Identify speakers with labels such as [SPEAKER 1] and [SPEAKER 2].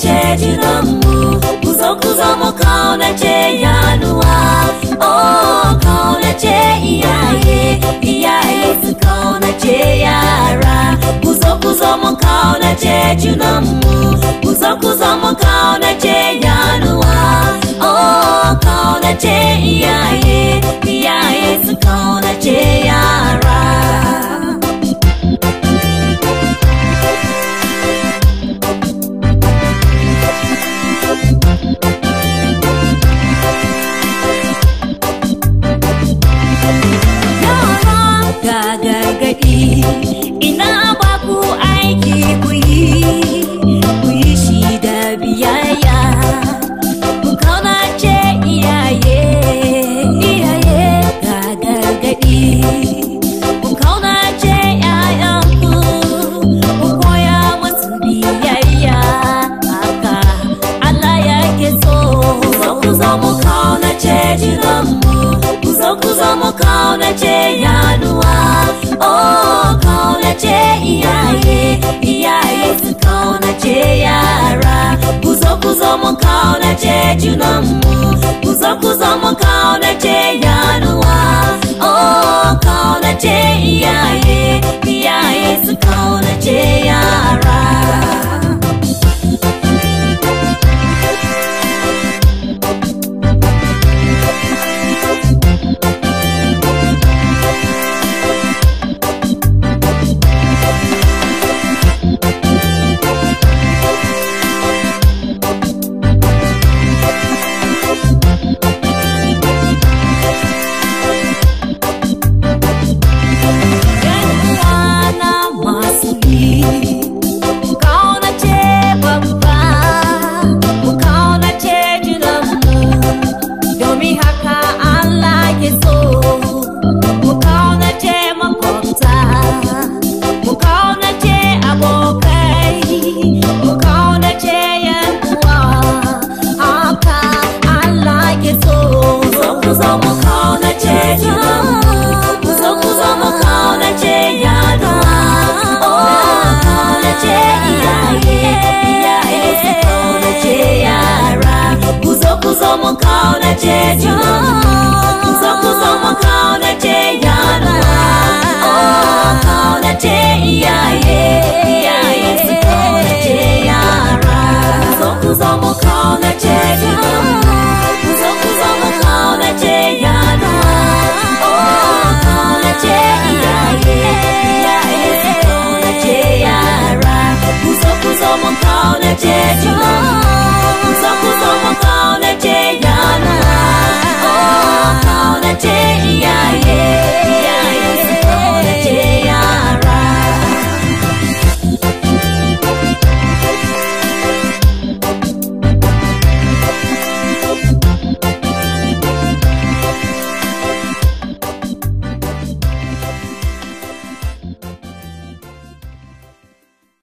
[SPEAKER 1] chechinomu kuzokuzomukaona cheyanua o oh, kaona cheiyaye iyayesikaona cheyara kuzokuzomukaona chechinomu kuzokuzomukaona cheyanua o oh, kaona cheiyaye arziki ina ba ku aiki ku yi ku yi shi da biyayya ku ce iyaye iyaye ga gargaɗi ku kaunace ƴaƴanku ku koya musu biyayya haka Allah ya ke so ku zo mu ce junanmu ku zo ku zo mu ce. uzamuka unacye cyunamu uzakuzamuka unacye ya 제정